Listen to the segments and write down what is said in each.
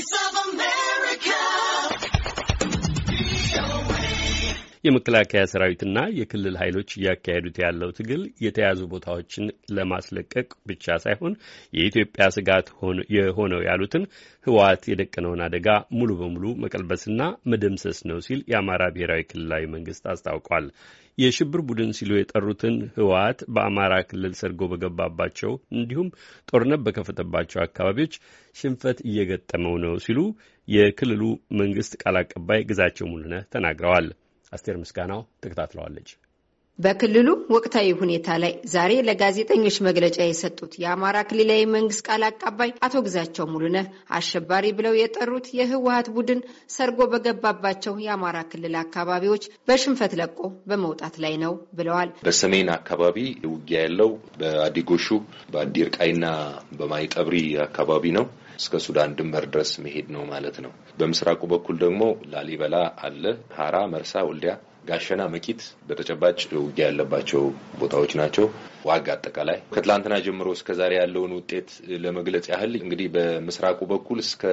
voice of የመከላከያ ሰራዊትና የክልል ኃይሎች እያካሄዱት ያለው ትግል የተያዙ ቦታዎችን ለማስለቀቅ ብቻ ሳይሆን የኢትዮጵያ ስጋት የሆነው ያሉትን ህወሓት የደቀነውን አደጋ ሙሉ በሙሉ መቀልበስና መደምሰስ ነው ሲል የአማራ ብሔራዊ ክልላዊ መንግስት አስታውቋል። የሽብር ቡድን ሲሉ የጠሩትን ህወሓት በአማራ ክልል ሰርጎ በገባባቸው እንዲሁም ጦርነት በከፈተባቸው አካባቢዎች ሽንፈት እየገጠመው ነው ሲሉ የክልሉ መንግስት ቃል አቀባይ ግዛቸው ሙሉነህ ተናግረዋል። አስቴር ምስጋናው ተከታትለዋለች። በክልሉ ወቅታዊ ሁኔታ ላይ ዛሬ ለጋዜጠኞች መግለጫ የሰጡት የአማራ ክልላዊ መንግስት ቃል አቀባይ አቶ ግዛቸው ሙሉነህ አሸባሪ ብለው የጠሩት የህወሀት ቡድን ሰርጎ በገባባቸው የአማራ ክልል አካባቢዎች በሽንፈት ለቆ በመውጣት ላይ ነው ብለዋል። በሰሜን አካባቢ ውጊያ ያለው በአዲጎሹ በአዲርቃይና በማይጠብሪ አካባቢ ነው። እስከ ሱዳን ድንበር ድረስ መሄድ ነው ማለት ነው። በምስራቁ በኩል ደግሞ ላሊበላ አለ፣ ሀራ፣ መርሳ፣ ወልዲያ ጋሸና መቂት በተጨባጭ ውጊያ ያለባቸው ቦታዎች ናቸው። ዋጋ አጠቃላይ ከትላንትና ጀምሮ እስከዛሬ ያለውን ውጤት ለመግለጽ ያህል እንግዲህ በምስራቁ በኩል እስከ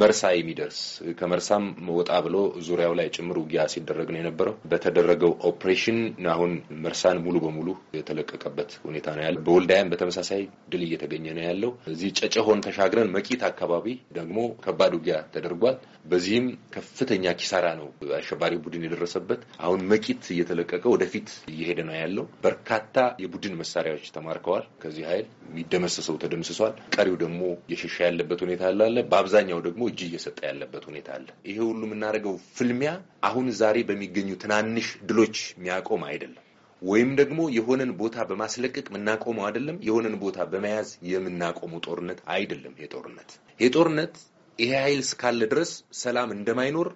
መርሳ የሚደርስ ከመርሳም ወጣ ብሎ ዙሪያው ላይ ጭምር ውጊያ ሲደረግ ነው የነበረው። በተደረገው ኦፕሬሽን አሁን መርሳን ሙሉ በሙሉ የተለቀቀበት ሁኔታ ነው ያለው። በወልዳያም በተመሳሳይ ድል እየተገኘ ነው ያለው። እዚህ ጨጨሆን ተሻግረን መቂት አካባቢ ደግሞ ከባድ ውጊያ ተደርጓል። በዚህም ከፍተኛ ኪሳራ ነው አሸባሪ ቡድን የደረሰበት። አሁን መቂት እየተለቀቀ ወደፊት እየሄደ ነው ያለው። በርካታ የቡድን መሳሪያዎች ተማርከዋል። ከዚህ ኃይል የሚደመሰሰው ተደምስሷል። ቀሪው ደግሞ የሸሻ ያለበት ሁኔታ አለ። በአብዛኛው ደግሞ እጅ እየሰጠ ያለበት ሁኔታ አለ። ይሄ ሁሉ የምናደርገው ፍልሚያ አሁን ዛሬ በሚገኙ ትናንሽ ድሎች የሚያቆም አይደለም ወይም ደግሞ የሆነን ቦታ በማስለቀቅ የምናቆመው አይደለም። የሆነን ቦታ በመያዝ የምናቆመው ጦርነት አይደለም። ይሄ ጦርነት ይሄ ጦርነት ይሄ ኃይል እስካለ ድረስ ሰላም እንደማይኖር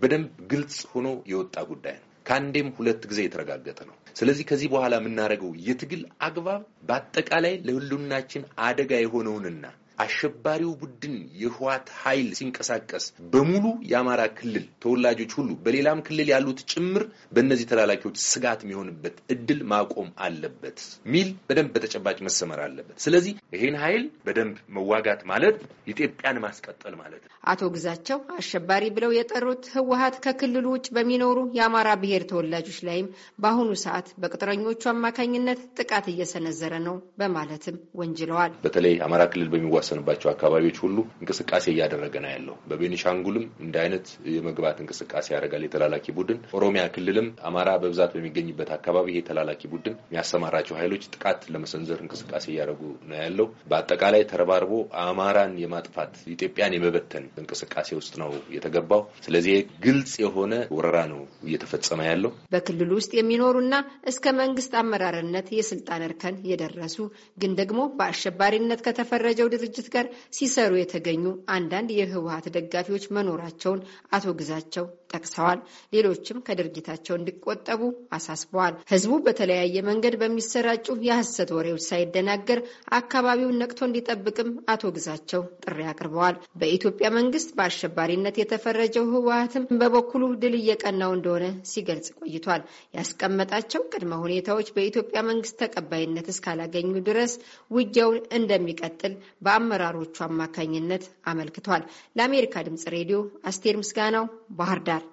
በደንብ ግልጽ ሆኖ የወጣ ጉዳይ ነው። ከአንዴም ሁለት ጊዜ የተረጋገጠ ነው። ስለዚህ ከዚህ በኋላ የምናደርገው የትግል አግባብ በአጠቃላይ ለሁሉናችን አደጋ የሆነውንና አሸባሪው ቡድን የህዋት ኃይል ሲንቀሳቀስ በሙሉ የአማራ ክልል ተወላጆች ሁሉ በሌላም ክልል ያሉት ጭምር በእነዚህ ተላላኪዎች ስጋት የሚሆንበት እድል ማቆም አለበት ሚል በደንብ በተጨባጭ መሰመር አለበት። ስለዚህ ይህን ኃይል በደንብ መዋጋት ማለት ኢትዮጵያን ማስቀጠል ማለት ነው። አቶ ግዛቸው አሸባሪ ብለው የጠሩት ህወሀት ከክልሉ ውጭ በሚኖሩ የአማራ ብሔር ተወላጆች ላይም በአሁኑ ሰዓት በቅጥረኞቹ አማካኝነት ጥቃት እየሰነዘረ ነው በማለትም ወንጅለዋል። በተለይ አማራ ክልል በሚዋ በተወሰነባቸው አካባቢዎች ሁሉ እንቅስቃሴ እያደረገ ነው ያለው። በቤኒሻንጉልም እንደ አይነት የመግባት እንቅስቃሴ ያደርጋል የተላላኪ ቡድን። ኦሮሚያ ክልልም አማራ በብዛት በሚገኝበት አካባቢ ይሄ ተላላኪ ቡድን የሚያሰማራቸው ኃይሎች ጥቃት ለመሰንዘር እንቅስቃሴ እያደረጉ ነው ያለው። በአጠቃላይ ተረባርቦ አማራን የማጥፋት ኢትዮጵያን የመበተን እንቅስቃሴ ውስጥ ነው የተገባው። ስለዚህ ግልጽ የሆነ ወረራ ነው እየተፈጸመ ያለው። በክልሉ ውስጥ የሚኖሩና እስከ መንግስት አመራርነት የስልጣን እርከን የደረሱ ግን ደግሞ በአሸባሪነት ከተፈረጀው ድርጅት ድርጅት ጋር ሲሰሩ የተገኙ አንዳንድ የህወሀት ደጋፊዎች መኖራቸውን አቶ ግዛቸው ጠቅሰዋል። ሌሎችም ከድርጊታቸው እንዲቆጠቡ አሳስበዋል። ህዝቡ በተለያየ መንገድ በሚሰራጩ የሐሰት ወሬዎች ሳይደናገር አካባቢውን ነቅቶ እንዲጠብቅም አቶ ግዛቸው ጥሪ አቅርበዋል። በኢትዮጵያ መንግስት በአሸባሪነት የተፈረጀው ህወሀትም በበኩሉ ድል እየቀናው እንደሆነ ሲገልጽ ቆይቷል። ያስቀመጣቸው ቅድመ ሁኔታዎች በኢትዮጵያ መንግስት ተቀባይነት እስካላገኙ ድረስ ውጊያውን እንደሚቀጥል በአ በአመራሮቹ አማካኝነት አመልክቷል። ለአሜሪካ ድምጽ ሬዲዮ አስቴር ምስጋናው ባህር ዳር